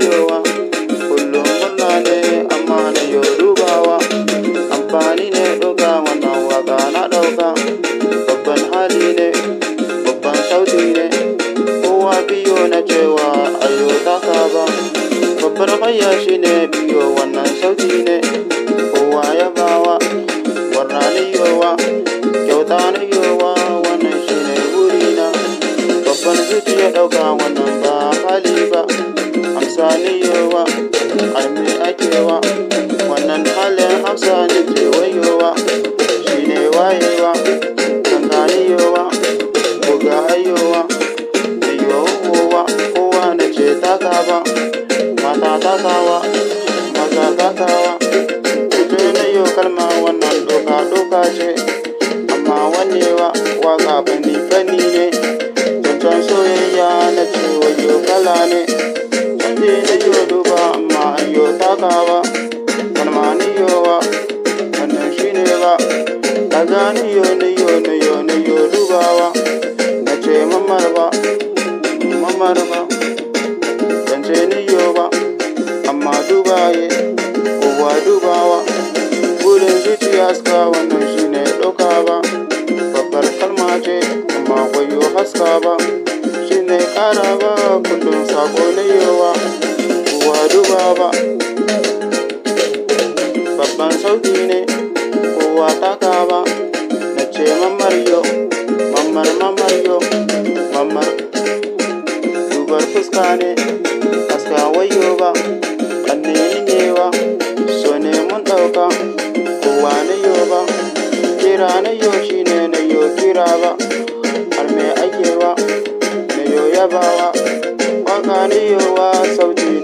wayowa kullum muna ne amma na yo dubawa amfani ne ɗauka wannan waka na ɗauka babban hali ne babban sauti ne kowa biyo na cewa ayo taka ba babbar mayya shi ne biyo wannan sauti ne kowa ya ba sani saniyowa ai me akewa wannan halin hafsa ne ke wayowa ne wayewa tanganiyowa ayowa hayowa yowowa kowa na ce ta ka ba mata kawa maza ta kawa ita na yo kalma wannan doka doka ce amma wanewa waka fani fani ne zancen soyayya na ce wayo kala ne sadaka ba kalmaniyo ba wannan shine ba kazaniyo niyo niyo niyo dubawa na ce mamar ba mamar ba ban ce niyo ba amma dubaye kowa dubawa gudun zuciya suka wannan shine ɗauka ba babbar kalma ce amma kwayo haska ba shine ƙara ba kullum sako na yawa duba ba mamamaryo mamar mamaryo mamar dubar fuska ne aska wayo ba kanne ne ba so ne mun ɗauka kowa na yo ba kira na yo shi ne na yo kira ba har me ake na yo yabawa waka na yo wa sauti